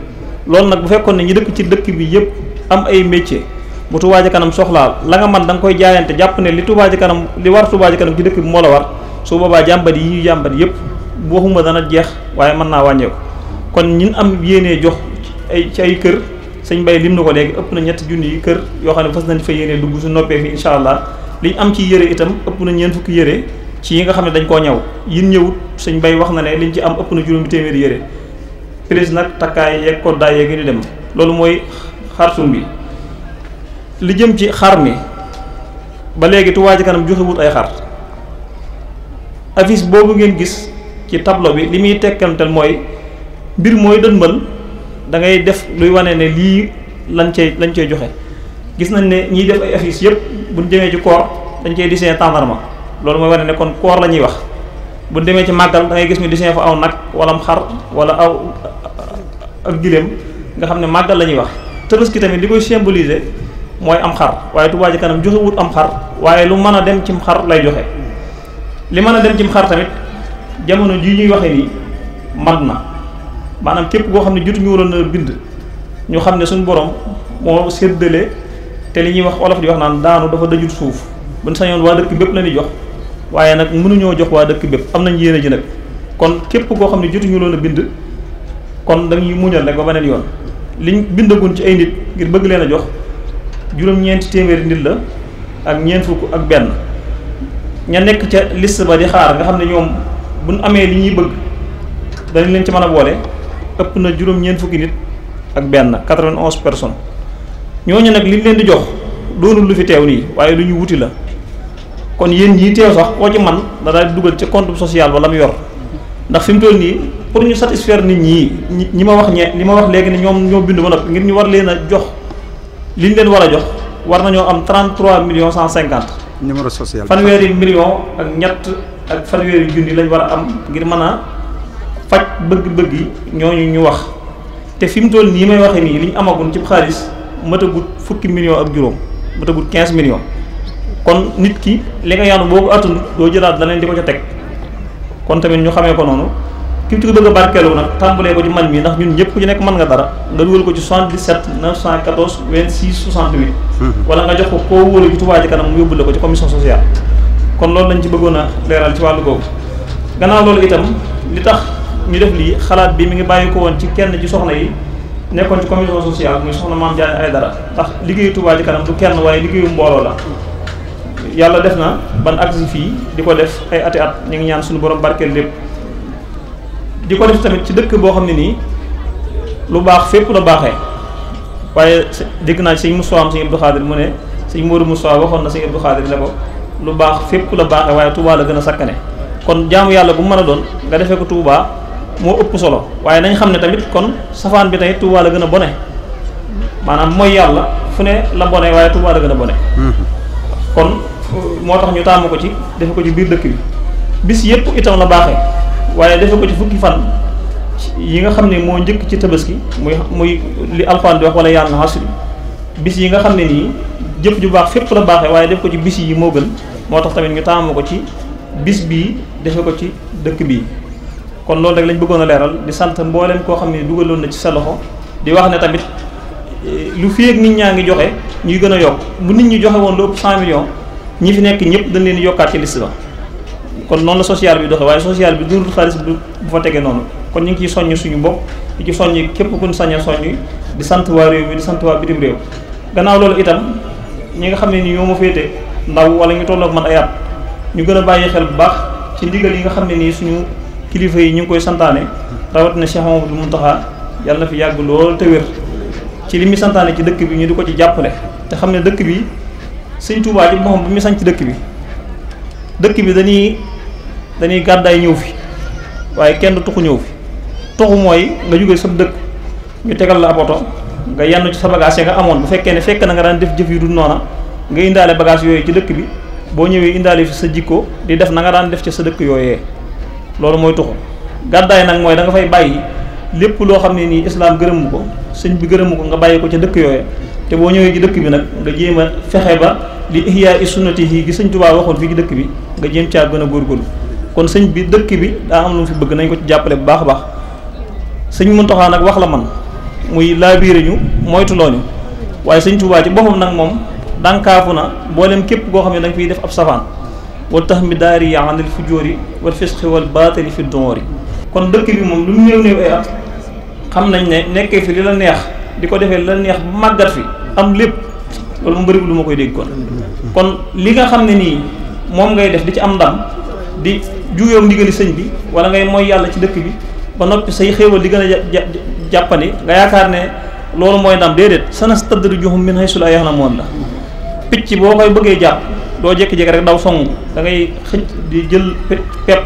Speaker 4: loolu nag bu fekkoon ne ñi dëkk ci dëkk bi yëpp am ay métier bu Touba Ca Kanam soxlaa la nga man danga nga koy jaayante jàpp ne li Touba Ca Kanam li war Touba Ca Kanam ci dëkk bi moo la war su boobaa jàmbat yi ñuy jàmbat yëpp waxuma dana jeex waaye mën naa wàññeeku kon ñin am yéenee jox ci ay kër sëñ Bay lim na ko léegi ëpp na ñetti junni yi kër yoo xam ne fas nañ fa yéenee dugg su noppee fi incha allah liñ am ci yére itam ëpp na ñeent fukki yére ci yi nga xam ne dañ koo ñaw yin ñëwut sëñ Bay wax na ne liñ ci am ëpp na juróomi téeméeri yére prise nag takkaay yeeg koddaay yeeg ñu dem loolu mooy xarsum bi li jëm ci xar mi ba léegi Touba Ca Kanam joxewut ay xar affiche boobu ngeen gis ci tablo bi li muy tekkantel mooy mbir mooy dënmal dangay def luy wane ne lii lañ cey lañ cey joxe gis nañ ne ñiy def ay affiche yëpp buñ jëmee ci koor dañ cey dessiné tàndarma loolu mooy wane ne kon koor la ñuy wax buñ demee ci màggal da gis ñu dessiné fa aw nag wala xar wala aw ak giléem nga xam ne màggal la ñuy wax tabaski tamit li koy symboliser mooy am xar waaye Touba Ca Kanam joxe wut am xar waaye lu mën a dem cim xar lay joxe li mën a dem cim xar tamit jamono ji ñuy waxe nii man na maanaam képp koo xam ne jotuñu waroon bind ñu xam ne suñu borom moo séddale te li ñuy wax olof di wax naan daanu dafa dajut suuf buñ sañoon waa dëkk bépp la ñuy jox waaye nag mënuñoo jox waa dëkk bépp am nañ yéene ji nag kon képp koo xam ne jotuñu loon bind kon dañuy muñal rek ba beneen yoon liñ bindagun ci ay nit ngir bëgg leen a jox juróom-ñeenti téeméeri nit la ak ñeent fukk ak benn ña nekk ca liste ba di xaar nga xam ne ñoom buñ amee li ñuy bëgg danañ leen ci mën a boole ëpp na juróom-ñeent fukki nit ak benn 91 personnes ñooñu nag li leen di jox doonul lu fi teew nii waaye lu ñu wuti la kon yéen ñii teew sax koo ci man da daal di dugal ca compte social ba la mu yor ndax fi mu toll nii pour ñu satisfaire nit ñi ñi ma wax ñe li ma wax léegi ne ñoom ñoo bind ba noppi ñu war leen a jox li ñu leen war a jox war nañoo am 33 millions 150. numéro social fanweeri million ak ñett ak fanweeri junni lañ war a am ngir mën a faj bëgg-bëgg yi ñooñu ñu wax te fi mu toll nii may waxee nii li ñu amagun ci xaalis matagut fukki millions ak juróom matagut 15 millions. kon nit ki li nga yaanu boo ko attanut doo jëlaat leneen di ko ca teg kon tamit ñu xamee ko noonu. ki ci bëgg a barkeeloo nag tàmbalee ko ci man mi ndax ñun ñëpp ku ci nekk mën nga dara nga dugal ko ci 77 914 26 68. wala nga jox ko koo wóolu ci Touba Ca Kanam mu yóbbu la ko ci commission sociale. kon loolu lañ ci bëggoon a leeral ci wàllu googu gannaaw loolu itam li tax ñu def lii xalaat bi mi ngi bàyyi ko woon ci kenn ci soxna yi nekkoon ci commission sociale muy soxna maam Diagne ay dara ndax liggéeyu Touba Ca Kanam du kenn waaye liggéeyu mbooloo la. yàlla def na ban agsi fii di ko def ay ati at ñu ngi ñaan suñu borom barkeel lépp. di ko def tamit ci dëkk boo xam ne nii lu baax fépp la baaxee waaye dégg naa sëñ Moussa am sëñ Abdou Khadir mu ne sëñ Modou Moussa waxoon na sëñ Abdou Khadir ne ko lu baax fépp la baaxee waaye Touba la gën a sakkane kon jaamu yàlla bu mu mën a doon nga defee ko Touba moo ëpp solo waaye nañ xam ne tamit kon safaan bi tey Touba la gën a bone maanaam mooy yàlla fu ne la bone waaye Touba la gën a bone kon moo tax ñu taamu ko ci defe ko ci biir dëkk bi bis yëpp itam la baaxee waaye defe ko ci fukki fan yi nga xam ne moo njëkk ci tabaski muy muy li alxuraan di wax wala yàlla na asri bis yi nga xam ne nii jëf ju baax fépp la baaxee waaye def ko ci bis yi moo gën moo tax tamit ñu taamu ko ci bis bii defe ko ci dëkk bii kon loolu rek lañ bëggoon a leeral di sant mbooleem koo xam ne dugaloon na ci sa loxo di wax ne tamit eh, lu fii ak nit ñaa ngi joxe ñuy gën a yokk bu nit ñu joxe woon lu ëpp 100 millions ñi fi nekk ñëpp dañ leen yokkaat ci kon noonu la social bi doxee waaye social bi dundul xaalis bu fa tegee noonu kon ñu ngi ciy soññ suñu bopp di ci soññ képp ku ñu sañ a soññ di sant waa réew mi di sant waa bitim réew gannaaw loolu itam ñi nga xam ne ni ñoo ma féete ndaw wala ñu tolloog man ay at ñu gën a bàyyi xel bu baax ci ndigal yi nga xam ne nii suñu kilifa yi ñu ngi koy santaane rawatina Cheikh Mamadou Mountakha yàlla fi yàgg lool te wér ci li muy santaane ci dëkk bi ñu di ko ci jàppale te xam ne dëkk bi Sëñ Tuubaa ji sañ ci dëkk bi dëkk bi dañuy dañuy gàddaay ñëw fi waaye kenn du tuxu ñëw fi tuxu mooy nga jóge sa dëkk ñu tegal la ab oto nga yenn ci sa bagage ya nga amoon bu fekkee ne fekk na nga daan def jëf yu dul noona nga indaale bagage yooyu ci dëkk bi boo ñëwee indaale fi sa jikko di def na nga daan def ci sa dëkk yooye loolu mooy tuxu gàddaay nag mooy da nga fay bàyyi lépp loo xam ne nii islaam gërëmu ko sëñ bi gërëmu ko nga bàyyi ko ca dëkk yooyee te boo ñëwee ci dëkk bi nag nga jéem a fexe ba li ihya i sunnati yi gi sëñ Tuubaa waxoon fii ci dëkk bi nga jéem caa gën a góorgóorlu kon sëñ bi dëkk bi daa am lu mu fi bëgg nañ ko ci jàppale bu baax baax sëñ Muntaxa nag wax la man muy laabiire ñu moytuloo ñu waaye sëñ Tuubaa ci boppam nag moom dànkaafu na boo boolem képp koo xam ne da fiy def ab safaan wal tax mi daari yaanil fujóori wal fisqi wal baatali fi doori kon dëkk bi moom lu mu néew xam nañ ne nekkee fi li la neex di ko defee li la neex màggat fi am lépp loolu mu bëriwul lu ma koy dégg kon kon li nga xam ne nii moom ngay def di ci am ndam di juyoog ndigali sëñ bi wala ngay mooy yàlla ci dëkk bi ba noppi say xéewal di gën a jàppandi nga yaakaar ne loolu mooy ndam déedéet sanastadrijuhum min haysu laa ya'lamuun la picc boo koy bëggee jàpp doo jékki rek daw song da ngay xëcc di jël pepp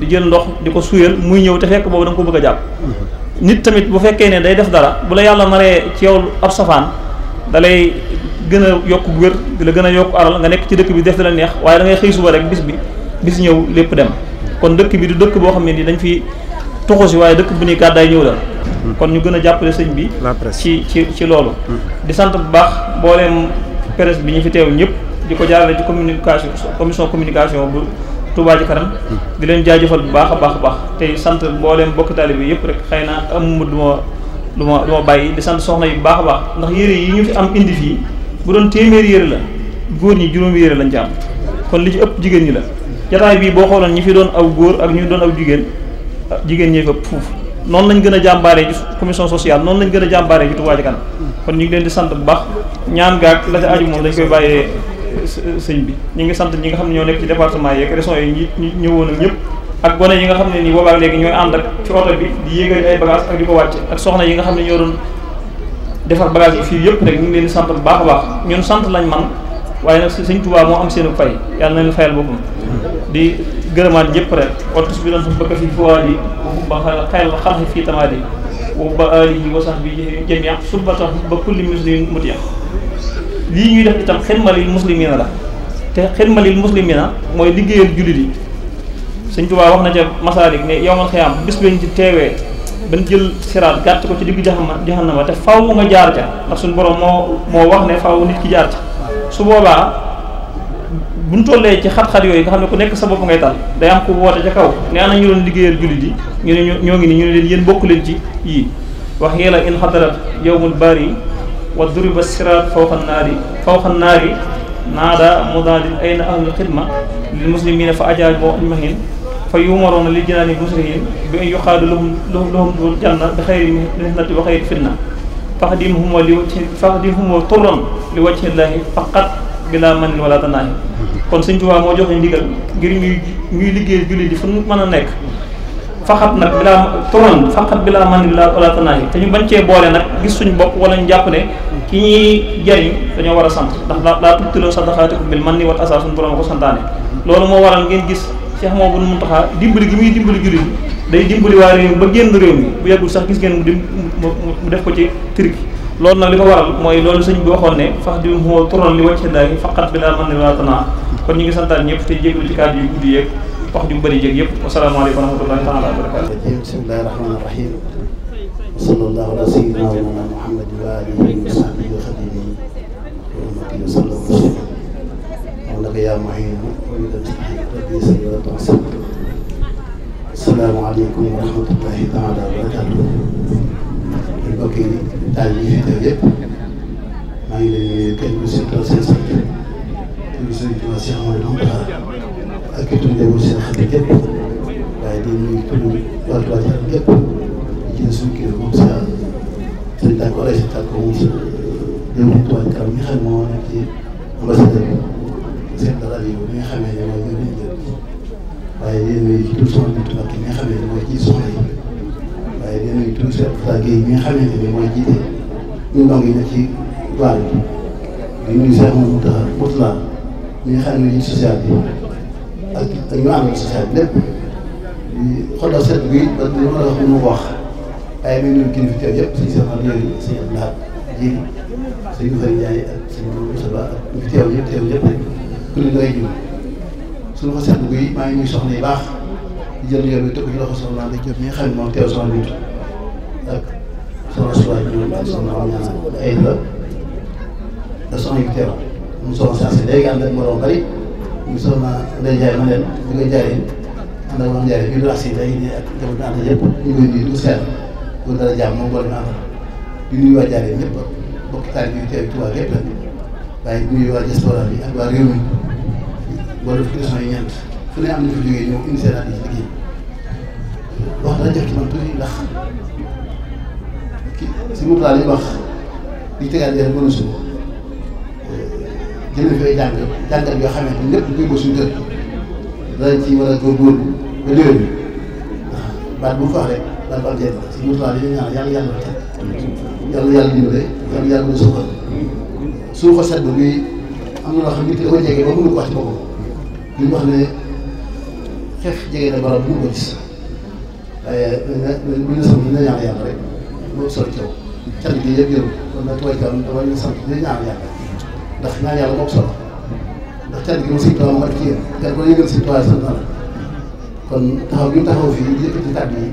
Speaker 4: di jël ndox di ko suyal muy ñëw te fekk boobu da ko bëgg a jàpp nit tamit bu fekkee ne day def dara bu la yàlla naree ci yow ab safaan da lay gën a yokk wér di la gën a yokk aral nga nekk ci dëkk bi def da la neex waaye da ngay xëy suba rek bis bi bis ñëw lépp dem kon dëkk bi du dëkk boo xam ne ni dañ fi toxu si waaye dëkk bu ni gàddaay ñëw la hmm. kon ñu gën a jàppale sëñ bi ci ci ci loolu hmm. di sant bu baax mbooleem presse bi ñu fi teew ñëpp di ko jaarale ci communication commission communication bu Touba Ca Kanam hmm. di leen jaajëfal bu baax a baax a baax tey sant mbooleem bokk taalibe bi yëpp rek xëy na amuma du ma du ma du ma bàyyi di sant soxna yi baax a baax ndax yére yi ñu fi am indi fii bu doon téeméeri yére la góor ñi juróomi yére lañ ci am kon li ci ëpp jigéen ñi la jataay bii boo xooloon ñi fi doon aw góor ak ñu doon aw jigéen jigéen ñee fëpp fuuf noonu lañ gën a jàmbaaree ci commission sociale noonu lañ gën a jàmbaaree ci Touba Ca Kanam kon ñu ngi leen di sant bu baax ñaan gaak la ca aju moom sëñ bi ñu ngi sant ñi nga xam ne ñoo nekk département yeeg régions yi ñëpp ak yi nga xam ne nii boobaak léegi ñooy ànd ak bi di yéegal ay bagage ko wàcc ak soxna yi nga xam ne ñoo defar bagage fii yëpp rek ñu sant bu baax a baax ñun sant lañ man waaye nag sëñ Tuubaa moo am seen fay yàlla na leen fayal boppam di gërëmaat ñëpp rek otus bi doon sa bëkk fi fuwaat yi ba xayal xalx fii tamaat yi ba alihi wa sahbihi jamii'an subatan ba kulli muslimin mutiya lii ñuy def itam xidmalil muslimina la te xidmalil muslimina mooy liggéeyal jullit yi sëñ Tuubaa wax na ca masaalik ne yowmal xiyaam bis bañ ci teewee ban jël siraat gàtt ko ci diggu jahannama te faw nga jaar ca ndax suñu borom moo moo wax ne faw nit ki jaar su boobaa bu ñu tollee ci xat-xat yooyu nga xam ne ku nekk sa bopp ngay tal day am ku woote ca kaw ne ana ñu doon liggéeyal jullit yi ñu ñoo ngi ni ñu ne leen yéen bokk leen ci yii wax yéela in xadarat yowmul bari wa a siraat fawqa naari fawqa naari naada mudaadin na ahlul xidma lil muslimina fa ajaaboo ajmahin fa yumaroona li jinaani musrihin bi an yuqaadu lahum lahum lahum janna bi xayri mihnati wa xayri fitna faxdimhum li wajhi faxdimhum tolloon li wajhi llaahi faqat bilaa man wala tanaahi kon Sëñ Tuubaa moo joxe ndigal ngir ñuy ñuy liggéey julli di fu mu mën a nekk faxat nag bilaa tolloon faqat bilaa man wala tanaahi te ñu bañ cee boole nag gis suñu bopp wala ñu jàpp ne ki ñuy jariñ dañoo war a sant ndax daa daa tubtiloo sadaqaatikum bil manni wal asaa suñu borom ko santaane loolu moo waral ngeen gis Cheikh Mouhamadou Mountakha dimbali gi muy dimbali julli day dimbali waa réew ba génn réew mi bu yàggul sax gis ngeen mu dim mu def ko ci turki loolu nag li ko waral mooy loolu sëñ bi waxoon ne fax di moo tural li wàcce daa ngi faqat bi daal man ne laa tanaa kon ñu ngi santaan ñëpp te jéglu ci kàddu yu guddi yeeg wax ju bëri jéeg yëpp wasalaamaaleykum wa rahmatullahi taala wa barakatu
Speaker 5: bismillahi rahmani rahim wa sallallahu ala sayyidina wa mawlana muhammadin wa alihi wa sahbihi wa xadimihi wa ummatihi wa sallam wa asalaamaaleykum wa rahmatullahi taala wa barakaatu mbokk yi daal ñi fi teew yëpp maa ngi leen di nuyu kenn ku seen tool seen sant tur bi Sëriñ Tuubaa Cheikh Amadou Mokhtar ak ki tudd Ndébu Cheikh Xadi yëpp waaye di nuyu turu waa Touba Ca Kanam yëpp di jël suñu kii moom sa sëriñ Tako Aïssa Tako moom sa Ndébu Touba Ca Kanam ñi xam moo nekk ci ambassadeur bi seen dara yow mi nga xamee ne mooy waaye di nuyu ci tur soxna Bintu Mbakke mi nga xam ne mooy jiite soxna yi waaye di nuyu tur Seex Abdou Guèye mi nga xam ne mooy jiite ñu yi ne ci waar bi di nuyu Seex Mouta Moutala mi nga xam ne bi ak ak ñu àndal social bi lépp di xoolal seet bi ba li ma la wax mënu wax waaye mi ngi nuyu kilifa teew yëpp suñu Seex Mouta Guèye suñu ak suñu Moussa teew ñëpp teew ñëpp rek ku ne dangay jëm suñu ko seetlu guy maa ngi nuyu soxna yi baax di jël yoon bi teg ko ci loxo soxna Ndeye Diop mi nga xam ne moom teew soxna Bintu ak soxna Suwaay ñoom ak soxna Amna Aïda ak soxna yu teew mu soxna saa si léegi ànd ak moroom bari mu soxna Ndeye Ndiaye ma leen ñu koy jaaree ànd ak moom jaaree bi ñu laas yi day ne ak jamono ànd yëpp ñu koy nuyu du seet loolu dara jàmm moom boole naa di nuyu waa jaaree ñëpp bokk taal bi teew ci waa lépp la waaye nuyu waa diaspora bi ak waa réew mi wala émission yi ñeent fu ne am na ñu fi jógee ñëw indi seen at yi ci liggéey wax dana jafe ci man tuuti ki yi wax a suuf jënd fi ay ci war a góorgóorlu bi ndax baat bu ko wax rek baat bu am njëriñ la si yi ñaan yàlla yàlla yàlla yàlla dimbale yàlla yàlla a suuxal suuxal set ba muy am na loo xam nit da koy jege ba mënu ko wax ci boppam li mu wax ne xeex jege na barab bu ko gis waaye buñ la sant dina ñaan yàlla rek loolu sori caw cat gi yëpp yëpp kon nag way tam dama leen sant dina ñaan yàlla ndax ñaan yàlla moo ko solo ndax cat gi ma siy tuwaat ma ci yéen kat boo yëgal si tuwaat kon taxaw gi mu taxaw fii yëkkati kàddu yi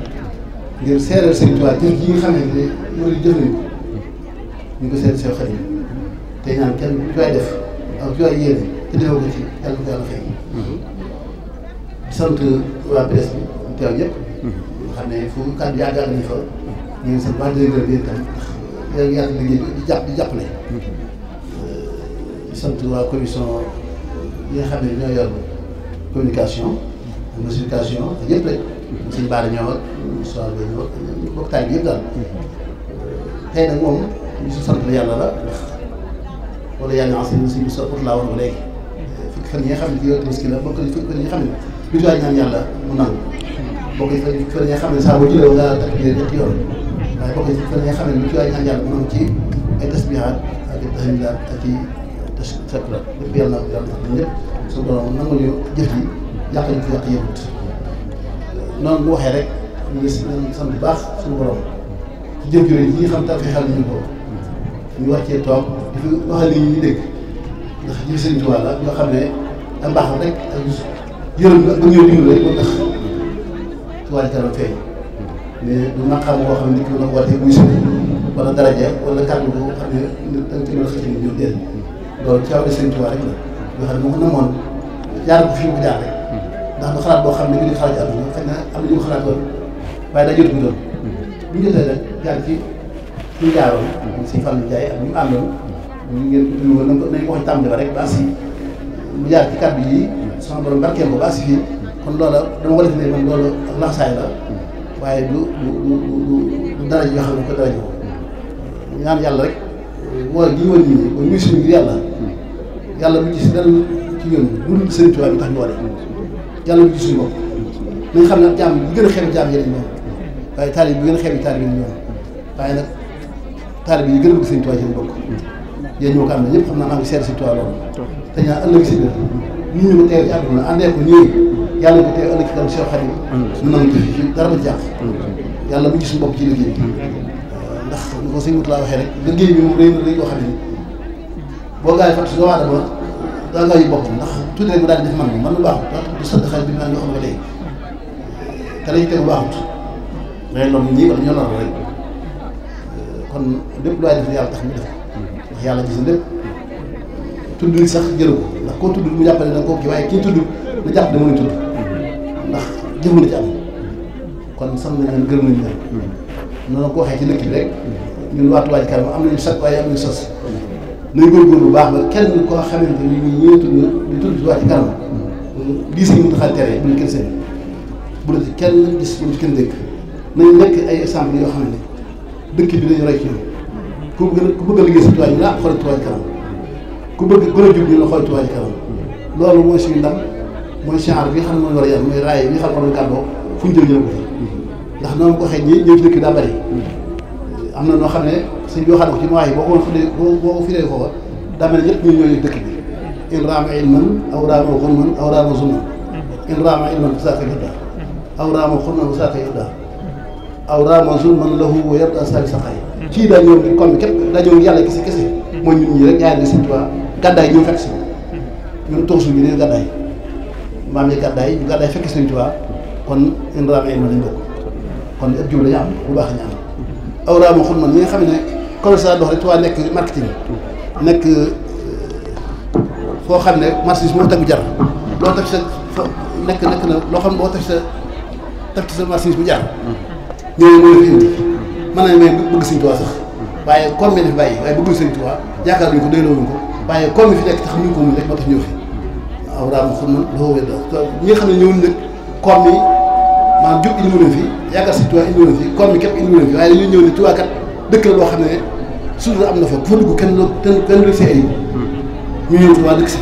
Speaker 5: ngir seeral seen tuwaat jëf ji nga xam ne ni mënu jëf nañ ko ñu ko seet seen xarit te ñaan kenn ku def ak ku koy yéene di mhm. sant waa presse bi ñu teew ñëpp. nga mhm. xam ne fu kàddu yàgg yàgg nañu fa. ñu ngi sant baax di leen tam ndax yàlla na liggéey bi di jàpp di jàppale. di mhm. euh, sant waa commission yi nga xam ne ñoo yor communication. communication ak yëpp rek. suñu baara ñoo war soxla ba ñoo war bokkaay bi yëpp daal. Euh, tey nag moom ñu si sant la yàlla la ndax yàlla naa si si sa ut laa woon ba fan yi nga xam ne yooyu tabaski la bokk na fan yi nga xam ne lu waay ñaan yàlla mu nangu bokk na fan yi nga xam ne saa boo jëlee nga takk biir ñetti yoon waaye bokk na fan yi nga xam ne lu waay ñaan yàlla mu nangu ci ay tasbihaat ak i tahmidaat ak i tasakkuraat lépp yàlla yàlla tax ñun ñëpp suñu borom nangu ñu jëf yi yàq ñu fi yàq yëngut noonu mu waxee rek ñu ngi sant bu baax suñu borom ci jëf yooyu yi nga xam tax xel ñu ko ñu wàccee toog di fi waxal li ñu dégg ndax jëf Sëriñ Tuubaa la nga xam ne ak mbaaxam rek ak yërëm nga ak ñoo dimbali rek moo tax Touba Ca Kanam feeñ mais du naqaam boo xam ne nit ki mën a wootee muy suuf wala daraja wala kàddu boo xam ne da nga ci mën a xëcc nit ñoom déet loolu ci aw de seen Touba rek la yoo xam ne mu namoon jaar ko fii mu jaar rek ndax du xalaat boo xam ne ñu ngi xalaat ci àdduna xëy na am na ñu ko xalaat woon waaye daa jot bu doon bu ñu jotee rek jaar ci ñu jaaroon si Fallou Ndiaye ak ñu àndoon ñu ngeen ko nañ ko wax tàmbali ba rek ba si mu jaar ci kàddu yi sama borom barkeel ko baasi fii kon loola dama wala ne man loolu ak naxsaay la waaye du du du du dara yoo xam ne ko dara ñu ñaan yàlla rek moo gi ñu wër nit ñi suñu ngir yàlla yàlla mu gis dara ci ñun a yàlla mu gis suñu bopp nañ xam ne jaam bi gën a xeeb jaam yi dañ ñoom waaye taalib bi gën a xeeb taalib yi ñoom waaye nag taalib yi gën a bëgg sëriñ Tuubaa ci ñu bokk yéen ñoo ko am ne ñëpp xam naa maa ngi seet sëriñ Tuubaa loolu te ñaan ëllëg si biir nit ñi mu teew ci àdduna àndee ko nii yàlla ko teew ëllëg ci bu gis bopp ci liggéey bi ndax ñu ko sëñ Mutula waxee rek liggéey na dañ koo xam ne boo gaa yi fàttali doo aadama daa gaa yu ndax tuuti rek mu daal def man man lu baaxut daa ah du sëdd xarit bi naan yoo xam nga tey te lañ tegu baaxut day lom ñii wala ñoo kon lépp lu waay def yàlla tax mu def yàlla gis na lépp tudd li sax jëlu ko ndax koo tudd mu jàpp ne koo kii waaye kii tudd na jàpp ne mënuñ tudd ndax jëf na ci am kon sam nañ leen gërëm nañ leen noonu ko waxee ci dëkk bi rek ñun waatu waaj kanam am nañu sag waaye am nañu sos bu baax ba kenn koo xamante ni ñu ñëwee tudd ñu tudd ci waaj kanam lii tere bu ñu kenn seen bu la ci kenn gis bu ci nañ nekk ay exemple yoo xam ne dëkk bi dañu rek ci ñoom ku bëgg ku bëgg a liggéey sa tuwaay ñu la xoolal tuwaay kanam ku bëgg gën a jub la xool Touba ca kanam loolu mooy suñu ndam mooy genre bi xam ne mooy war a yar mooy raay bi xam ne moom gàddoo fu ñu jël jël ko fi ci dëkk daa bëri am na noo xam ne suñ bi waxaat ko ci noix yi boo ko woon boo ko firee foofa yàlla kese kese mooy ñun ñi rek yaay di Sëñ gàddaay ñëw fekk si ñun toog suñu neen gàddaay maam yi gàddaay ñu gàddaay fekk Sëriñ Tuubaa kon ñun raam ma lañ kon ëpp jiw la am bu baax ñu am aw raama xun man mi nga xam ne commerçant foo xam ne marchandise moo tegu jar loo teg nekk loo xam ne boo teg sa teg sa marchandise bu jar ñooñu moo la fi indi mën nañ may bëgg Sëriñ Tuubaa sax waaye comme me def bàyyi waaye bëggul Sëriñ Tuubaa yaakaar nañu ko doyloo ko waaye comme fi nekk tax ñu ko mu rek moo tax ñëw fi waaw daal xam man loolu wér ñi nga xam ne ñëw nag comme ni dëkk la xam ne sutura am na fa ku fa dugg kenn ñu ñëw Tuubaa dëkk si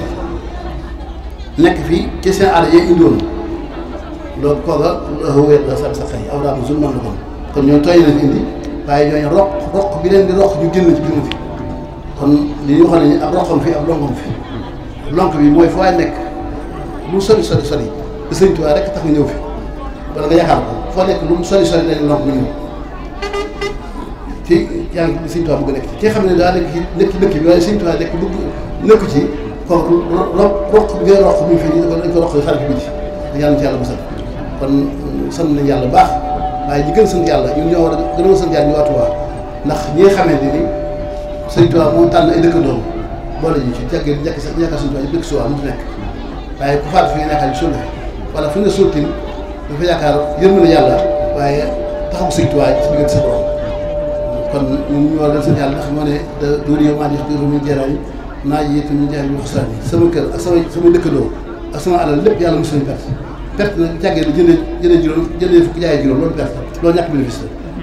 Speaker 5: nekk ci seen aada yee indiwoon loolu kooka loolu wér la sa sa xëy aw daal man la kon kon ñoom tooy nañ indi waaye ñooñu roq roq bi leen di roq ñu génn ci fi. kon li ñu waxoon ne ab roqam fii ab lonkam fii lonk bi mooy foo waay nekk lu sori sori sori te sëñ Tuubaa rek tax nga ñëw fi wala nga yaakaar ko foo nekk lu mu sori sori dañuy lonk nga ñëw ci yaa ngi sëñ nekk ci xam ne daa nekk ci dëkk bi waaye sëñ Tuubaa nekk ci kooku roq roq bi ngay roq bi ñu fi ñu ko roq yi xarit bi ci yàlla ci yàlla bu sat kon sant nañ yàlla baax waaye ñi gën sant yàlla ñun ñoo war a gën a sant yàlla waa ndax ñi nga xamante ni Sëriñ Tuubaa moo tànn ay dëkkandoom moo la ñu ci jàggee di ñàkk sax ñàkk Sëriñ Tuubaa yi dëkk Tuubaa mu ci nekk waaye ku faatu fi nga yaakaar yi sólle wala fu nga suul tamit dafa yaakaar yërmande yàlla waaye taxaw Sëriñ Tuubaa si diggante sa borom kon a sant yàlla ndax moo ne da dóor yow maa jox dóor mu jeeraay naa ji ñu jaay yu xusaan yi sama kër ak sama sama dëkkandoo ak sama alal lépp yàlla mos nañu perte perte nag jàggee na jëndee jëndee juróom jëndee fukk jaayee juróom loolu perte loolu ñàkk bénéfice la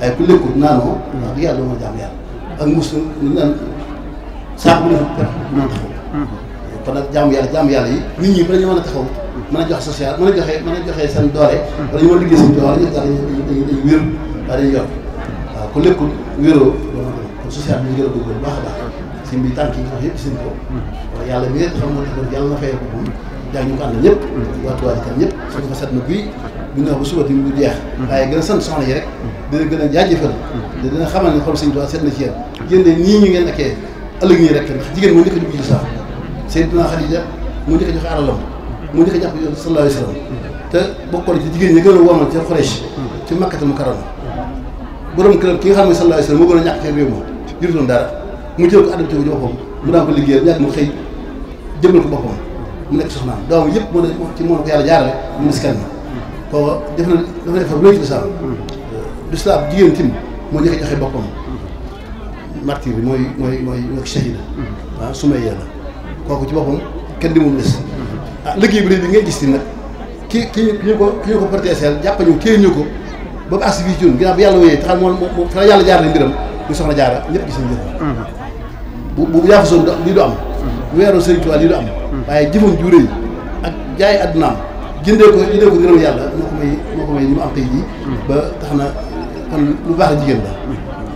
Speaker 5: waaye ku lekkut naanoo. wax dëgg yàlla a jàmm yàlla. ak musul ñu naan saako bu ne fa pexe mën kon nag jàmm yàlla jàmm yàlla yi nit ñi bala ñu mën a taxaw. mën a jox social mën a joxe mën a joxe seen doole. Mhm. wala ñu mën a liggéey seen doole ñu daal dañuy dañuy a def kon social bi ñu gën a góorgóorlu baax a baax. Mhm. seen bi tànk yi ñu wax yëpp seen ko. Mhm. waaw yàlla mi nga xam moo taxoon yàlla na ko moom. jaay ñu ko àndal ñëpp. waa Touba Ca Kanam ñëpp set na guy du neex ba suba tamit du jeex mm-hmm. waaye gën a sant soxna yi rek mm-hmm. dina gën a jaajëfal da mm-hmm. dina xamal ne xol sëñ Tuubaa seet na ci yéen yéen de nii ñu ngeen nekkee ëllëg ñi rek ndax jigéen moo njëkk a dugg ci lislaam Seydina Xadiija moo njëkk a joxe alalam moo a gën a womal ci Xuraysh ci Makkatul Mukarrama borom këram xam ne sallallahu alayhi wa sallam moo ci réew moom jurutoon dara mu jël ko adapté ko ci boppam mu daan ko liggéeyal ñàkk mu xëy jëmal ko boppam mu nekk soxnaam doom yëpp moo ci moom ko yàlla jaarale mu miskan kooka def na def na effort bu rëy ci lislaam hmm. lislaam jigéen tim moo njëkk joxe boppam martyr bi mooy mooy mooy mooy shahida waaw hmm. ah, su may yàlla kooku ci boppam kenn di moom des hmm. ah liggéey bi rëy bi ngay gis ti nag ki ki ñu ko ki ñu ko protégeel jàpp ñu téye ñu ko ba mu àgg si fii ci ñun ginnaaw bi yàlla wooyee taxal moom moom fa yàlla jaarale mbiram ñu soxna jaara ñëpp gis nañ njëriñ bu bu yaafasoon lii du am bu weeroon Sëriñ Tuubaa lii du am waaye jëfam ju rëy ak jaay addunaam jëndee ko jëndee ko ngërëm yàlla may moo ko may li mu am tey jii. ba tax na kon lu baax la jigéen la.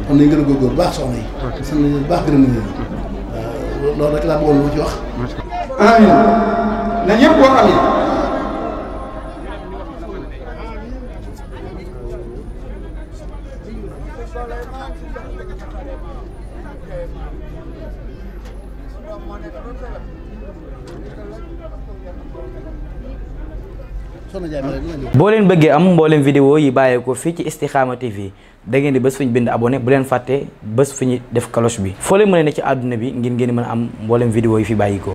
Speaker 5: kon nañ gën a góorgóorlu baax soxna yi. sant nañu bu baax gërëm nañu leen. Euh, loolu rek laa bëggoon lu ci wax.
Speaker 6: amiin na ñëpp boo xam ne
Speaker 5: boo
Speaker 1: leen bëggee am mboolem vidéo yi bàyyeekoo fii ci Istikhama TV da ngeen di bés fu ñu bind abone bu leen fàtte bés fu ñu def cloche bi foo leen mën a ne ci àdduna bi ngir ngeen mën a am mboolem vidéo yi fi bàyyikoo